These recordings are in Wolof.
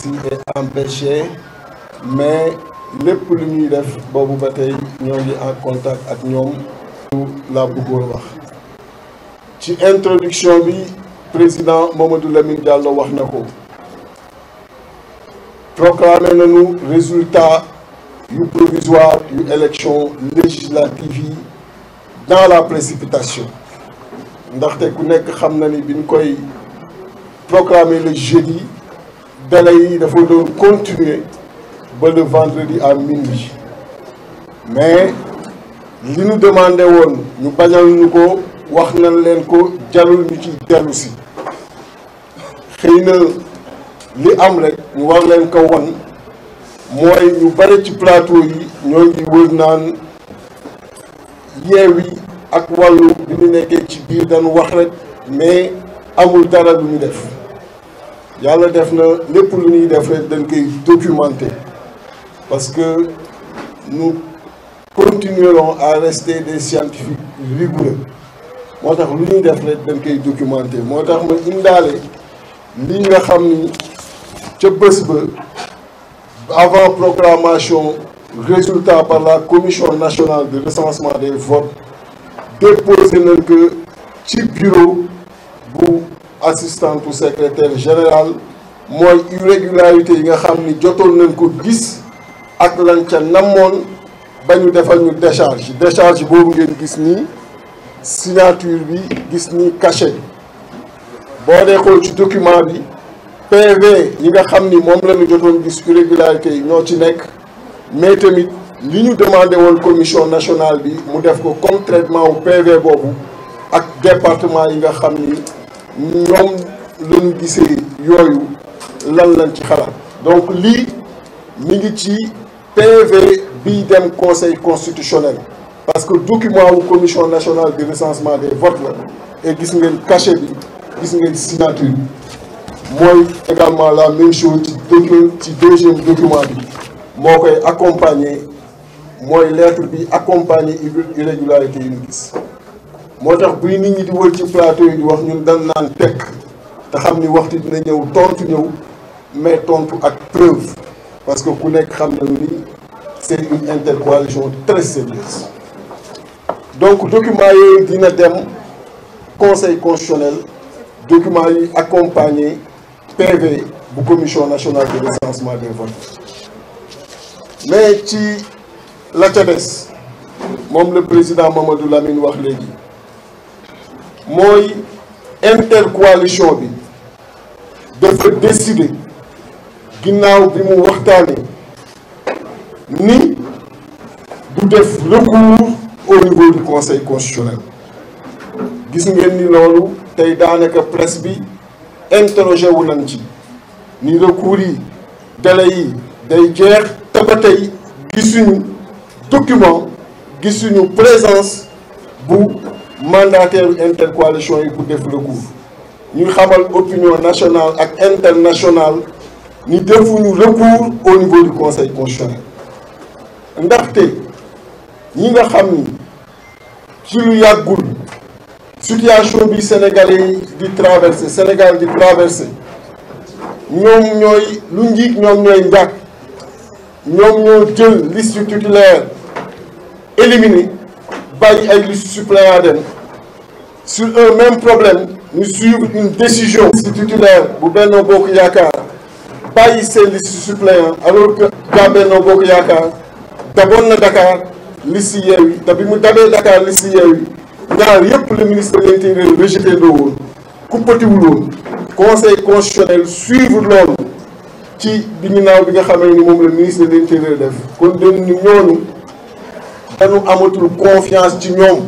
si et empêché mais lépp lu ñuy def boobu ba tey ñoo ngi en contact ak ñoom laa bëggoon wax ci introduction bi président Mamadou Lamine Diallo wax na ko proclamé nañu résultat yu provisoire yu élection législative yi dans la précipitation ndaxte ku nekk xam na ni bi ñu koy proclamé le jeudi délai yi dafa doon continuer ba le vendredi à minuit mais li ñu demande woon ñu bañal ñu ko wax nañ leen ko jalul ñu ci dellu si xëy na li am rek ñu war leen ko won mooy ñu bare ci plateau yi ñoo ngi wër naan yeewi ak wàllu bi ñu nekkee ci biir dañu wax rek mais amul dara lu ñu def yàlla def na lépp lu ñuy def rek dañ koy documenté parce que nous continuerons à rester des scientifiques rigoureux moo tax lu ñuy def rek dañ koy documenté moo tax ma indaale li nga xam ni ca bés ba avant proclamation résultat par la commission nationale de recensement des votes déposé nañ que ci bureau assistante ou secrétaire général mooy irrégularité yi nga xam ni jotoon nañ ko gis ak lañ ca namoon ba ñu defal ñu décharge décharge boobu ngeen gis ni signature bi gis ni cachet boo dee xool ci document bi PV yi nga xam ni moom la ñu jotoon gis irrégularité yi ñoo ci nekk mais tamit li ñu demandé woon commission national bi mu def ko comme traitement wu PV boobu ak département yi nga xam ni ñoom lañu gisee yooyu lan lañ ci xalaat donc lii mi ngi ci PV bi dem conseil constitutionnel parce que document wu commission nationale de recensement des votes la et gis ngeen cachet bi gis ngeen signature bi mooy également la même chose ci docu ci deuxième document bi moo koy accompagner mooy lettre bi accompagner irrégularité yi ñu gis moo tax buy nit ñi di wër ci plateau yi di wax ñu dan naan tekk te xam ni waxtu dina ñëw tontu ñëw mais tontu ak preuve parce que ku nekk xam nañu ni c'est une intercoalition très sérieuse donc document yooyu dina dem conseil constitutionnel document yi accompagné PV bu commission nationale de recensement des votes mais ci la ca des moom le président Mamadou Lamine wax léegi mooy intercoalition bi dafa décider ginnaaw bi mu waxtaanee ni du def recours au niveau du conseil constitutionnel gis ngeen ni loolu tey daanaka presse bi interrogé wu nañ ci ni recours yi délai yi day jeex te tey gisuñu document gisuñu présence bu mandataire intercoalition yi pour def recours ñu xamal opinion nationale ak internationale ni defuñu recours au niveau du conseil constitutionnel ndaxte ñi nga xam ni ci lu yàggul situation bi sénégalais di traversé Sénégal di traversé ñoom ñooy lu njiit ñoom ñooy njàkk ñoom ñoo jël liste titulaire éliminé bàyyi ay liste suppléant dem sur un même problème ñu suivre une décision si titulaire bu Benno Bokk Yaakaar bàyyi seen liste suppléant alors que gaa Benno Bokk Yaakaar daboon na Dakar liste Yewwi te bi mu dabee Dakar liste Yewwi ñaar yëpp le ministre de l'intérieur rejeté loo woon kuppatiwul woon conseil constitutionnel suivre loolu ci bi ñu naaw bi nga xamee ni moom la ministre de l'intérieur def kon dem ni ñooñu dañu amatul confiance ci ñoom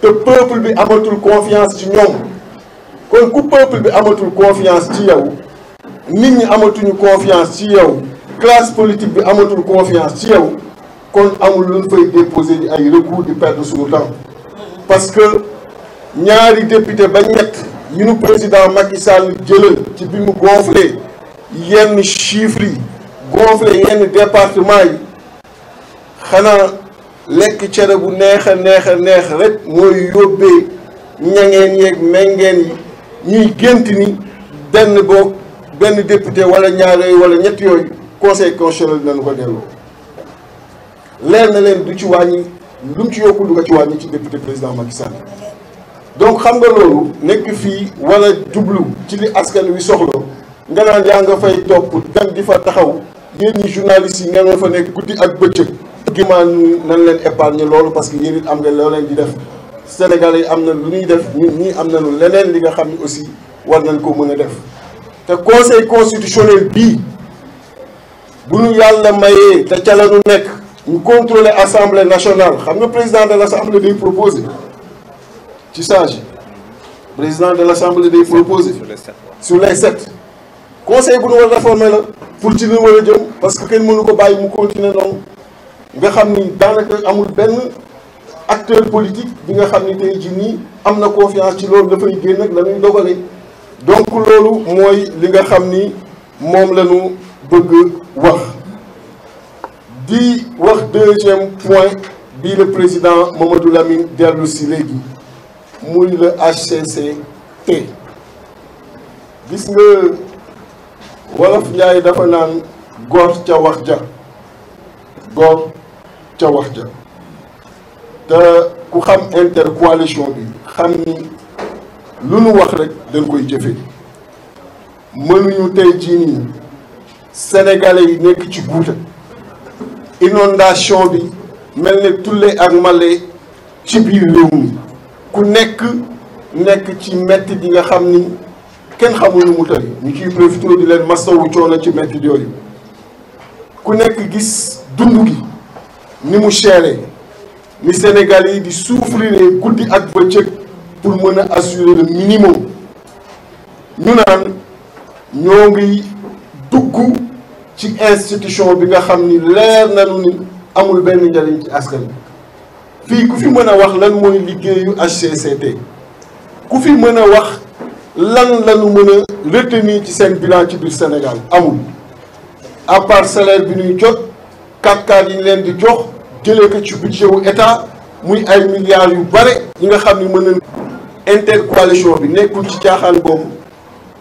te peuple bi amatul confiance ci ñoom kon ku peuple bi amatul confiance ci yow nit ñi amatuñu confiance ci yow classe politique bi amatul confiance ci yow kon amul luñ fay déposer di ay recours di perdre suñu temps parce que ñaari député ba ñett yi nu président Macky Sall ci bi mu gonflé yenn chiffres yi gonflé yenn département yi xanaa lekk cere bu neex a neex neex rek mooy yóbbee ñangeen yeeg mengeen yi ñuy gént ni benn boog benn député wala ñaar yooyu wala ñett yooyu conseil constitutionnel dinañu ko delloo leer na leen du ci wàññi lu ci yokku du ko ci wàññi ci député président Macky Sall donc xam nga loolu nekk fii war jublu ci li askan wi soxla nga naan yaa nga fay topp dem di fa taxaw yéen ñi journalistes yi nga nga fa nekk guddi ak bëccëg argument nan leen épargne loolu parce que yéen it am nga loo leen di def Sénégalais yi am na lu ñuy def ñun ñii am na lu leneen li nga xam ne aussi war nañ ko mën a def te conseil constitutionnel bii bu ñu yàlla mayee te ca la ñu nekk ñu contrôler assemblée nationale xam nga président de l' assemblée day proposé ci change président de l' assemblée day proposé sur les sept conseil bu ñu war réformer la pour ci li war a jëm parce que kenn mënu ko bàyyi mu continuer noonu nga xam ni daanaka amul benn acteur politique bi nga xam ni tey jii nii am na confiance ci loolu dafay génn ak la ñuy dogale donc loolu mooy li nga xam ni moom la ñu bëgg wax di wax deuxième point bii le président Mamadou Lamine dellu si léegi muy la HCCT gis nga wolof Njaay dafa naan góor ca wax ja gor ca wax ja te ku xam intercoalition bi xam ni lu nu wax rek dañ koy jëfe mënuñu tey jii nii yi nekk ci guuta inondation bi mel ne tulle ak male ci biir réew mi ku nekk nekk ci metti di nga xam ni kenn xamul nu mu tëri ñu ciy profité di leen masawu coono ci metti yooyu ku nekk gis dund gi ni mu chéré ni Sénégal yi di souffrir guddi ak bëccëg pour mën a assurer le minimum ñu naan ñoo ngi dugg ci institution bi nga xam ni leer nañu ni amul benn njariñ ci askan bi fii ku fi mën a wax lan mooy liggéeyu HCCT ku fi mën a wax lan mën a retenir ci seen bilan ci biir Sénégal amul à part bi ñuy jot 4 yi ñu leen di jox jëlee ko ci budget wu état muy ay milliards yu bare yi nga xam ni mën nañ intercoalition bi nekkul ci caaxaan boobu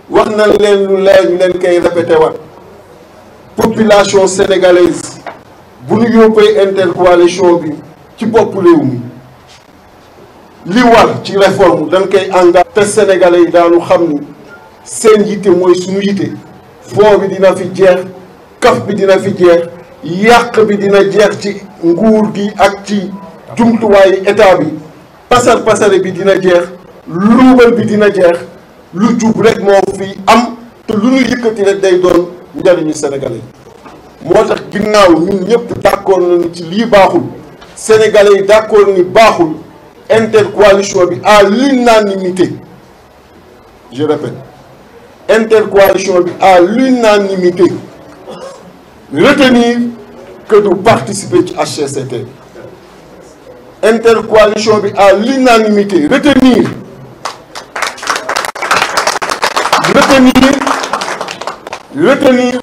wax na leen lu leer ñu leen koy répété waat population sénégalaise bu ñu yóbbee intercoalition bi ci bopp réew mi li war ci réforme dañ koy engagé te sénégalais yi daanu xam ni seen yitte mooy suñu yitte fond bi dina fi jeex kaf bi dina fi jeex yàq bi dina jeex ci nguur gi ak ci jumtuwaayu état bi pasar pasare bi dina jeex luubal bi dina jeex lu jub rek moo fi am te lu ñu yëkkati rek day doon njariñu sénégalais yi moo tax ginnaaw ñun ñëpp d'accord nañu ci lii baaxul sénégalais yi d'accord ni baaxul intercoalition bi à l'unanimité je répète intercoalition bi à que du participer ci HCCT intercoalition bi à l'unanimité retenir retenir retenir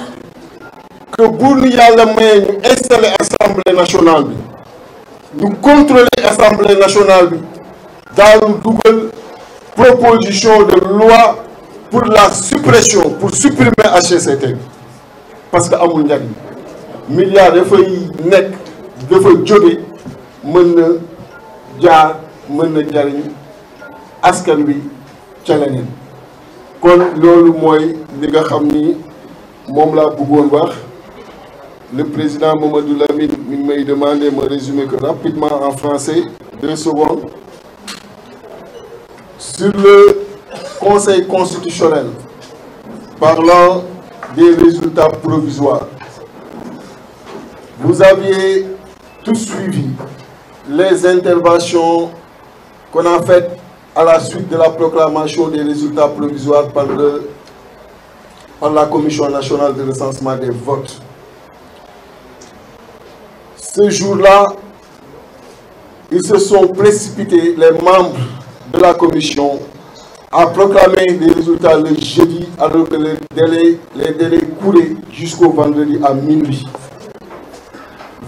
que bu ñu yàlla mayee ñu installer assemblée nationale bi ñu contrôler assemblée nationale bi daanu dugal proposition de loi pour la suppression pour supprimer HCCT parce que amul njariñ milliards dafay nekk dafa jóge mën na jaar mën na jariñ askan wi ca leneen kon loolu mooy li nga xam ni moom laa buggoon wax le président Mamadou Lamine mi may demandé ma résumer que rapidement en français deux secondes sur le conseil constitutionnel parlant des résultats provisoires Vous aviez tous suivi les interventions qu'on a faites à la suite de la proclamation des résultats provisoires par, le, par la Commission nationale de recensement des votes. Ce jour-là, ils se sont précipités, les membres de la Commission, à proclamer les résultats le jeudi alors que les délais couraient jusqu'au vendredi à minuit.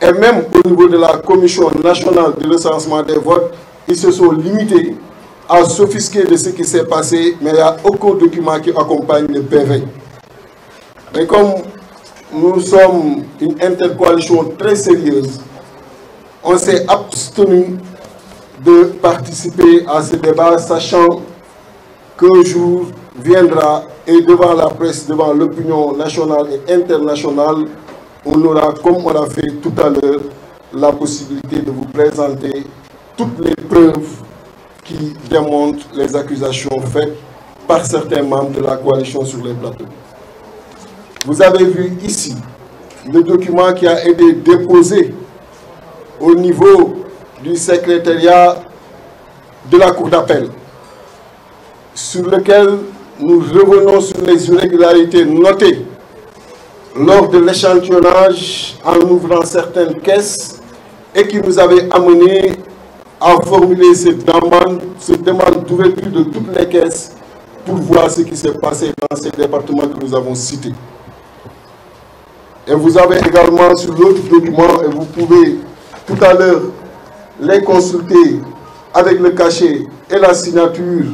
et même au niveau de la Commission nationale de recensement des votes, ils se sont limités à s'offusquer de ce qui s'est passé, mais il n'y a aucun document qui accompagne le PV. Mais comme nous sommes une intercoalition très sérieuse, on s'est abstenu de participer à ce débat, sachant qu'un jour viendra et devant la presse, devant l'opinion nationale et internationale, on aura, comme on a fait tout à l'heure, la possibilité de vous présenter toutes les preuves qui démontrent les accusations faites par certains membres de la coalition sur les plateaux. Vous avez vu ici le document qui a été déposé au niveau du secrétariat de la Cour d'appel, sur lequel nous revenons sur les irrégularités notées lors de l'échantillonnage en ouvrant certaines caisses et qui nous avait amené à formuler cette demande, d'ouverture de toutes les caisses pour voir ce qui s'est passé dans ces départements que nous avons cités. Et vous avez également sur l'autre document, et vous pouvez tout à l'heure les consulter avec le cachet et la signature.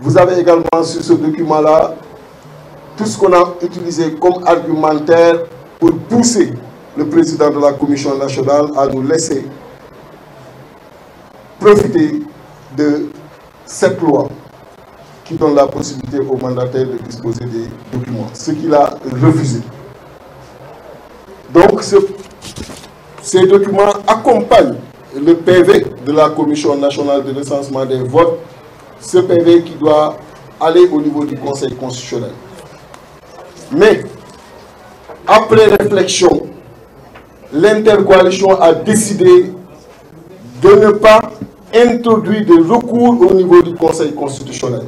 Vous avez également sur ce document-là tout ce qu'on a utilisé comme argumentaire pour pousser le président de la Commission nationale à nous laisser profiter de cette loi qui donne la possibilité aux mandataires de disposer des documents, ce qu'il a refusé. Donc ce, ces documents le PV de la Commission nationale de recensement des votes, ce PV qui doit aller au niveau du Conseil constitutionnel. Mais, après réflexion, l'intercoalition a décidé de ne pas introduire de recours au niveau du Conseil constitutionnel.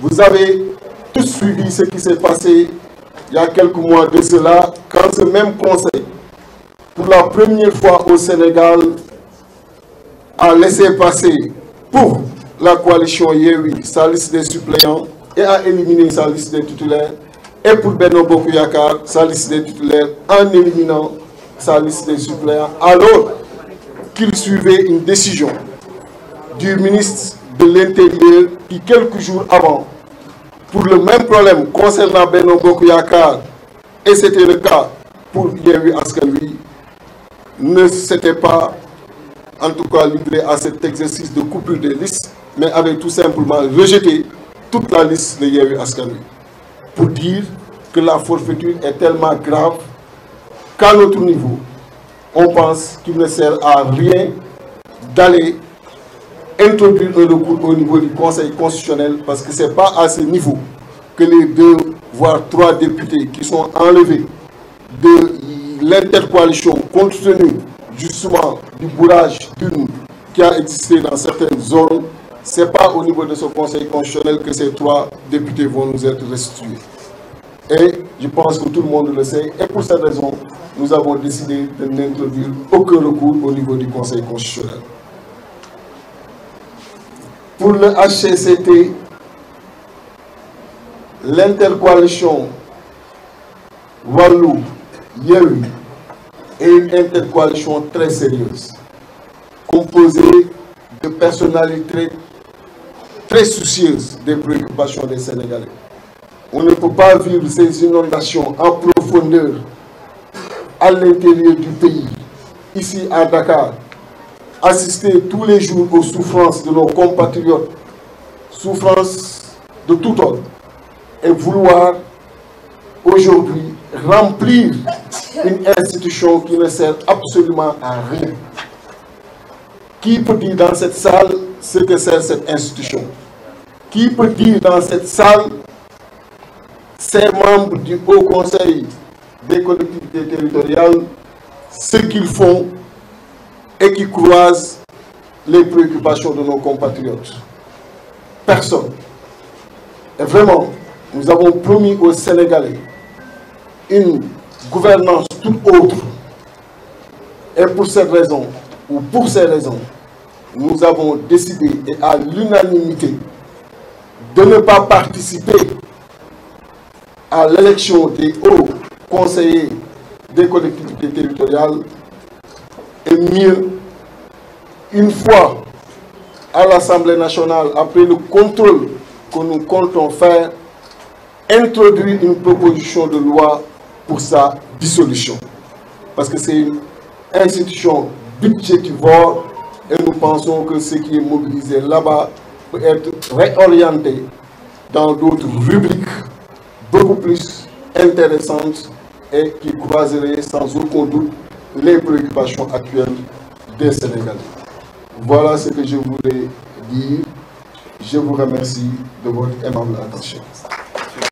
Vous avez tous suivi ce qui s'est passé il y a quelques mois de cela, quand ce même Conseil, pour la première fois au Sénégal, a laissé passer pour la coalition Yehui sa liste des suppléants et a éliminé sa liste des titulaires et pour Benno Bokk Yakaar sa liste des titulaires en éliminant sa liste des suppléants alors qu'il suivait une décision du ministre de l'Intérieur qui quelques jours avant pour le même problème concernant Benno Bokk Yakaar et c'était le cas pour Yewwi Askan Wi ne s'était pas en tout cas livré à cet exercice de coupure des listes mais avait tout simplement rejeté toute la liste de Askan Wi pour dire que la forfaiture est tellement grave qu'à notre niveau, on pense qu'il ne sert à rien d'aller introduire un recours au niveau du Conseil constitutionnel parce que ce n'est pas à ce niveau que les deux, voire trois députés qui sont enlevés de l'intercoalition compte justement du bourrage d'une qui a existé dans certaines zones c'est pas au niveau de ce conseil constitutionnel que ces trois députés vont nous être restitués. Et je pense que tout le monde le sait. Et pour cette raison, nous avons décidé de n'introduire aucun recours au niveau du Conseil constitutionnel. Pour le HCCT, l'intercoalition Wallou Yewi est une intercoalition très sérieuse, composée de personnalités très soucieuse des préoccupations des Sénégalais. On ne peut pas vivre ces inondations en profondeur à l'intérieur du pays, ici à Dakar, assister tous les jours aux souffrances de nos compatriotes, souffrances de tout ordre, et vouloir aujourd'hui remplir une institution qui ne sert absolument à rien. Qui peut dire dans cette salle ce que c'est cette institution? Qui peut dire dans cette salle ces membres du Haut Conseil des collectivités territoriales ce qu'ils font et qui croisent les préoccupations de nos compatriotes? Personne. Et vraiment, nous avons promis aux Sénégalais une gouvernance toute autre. Et pour cette raison, ou pour ces raisons, nous avons décidé à l'unanimité de ne pas participer à l'élection des hauts conseillers des collectivités territoriales et une fois à l'Assemblée nationale, après le contrôle que nous comptons faire, introduire une proposition de loi pour sa dissolution. Parce que c'est une institution budgétivore Et nous pensons que ce qui est mobilisé là-bas peut être réorienté dans d'autres rubriques beaucoup plus intéressantes et qui croiseraient sans aucun doute les préoccupations actuelles des Sénégalais. Voilà ce que je voulais dire. Je vous remercie de votre aimable attention.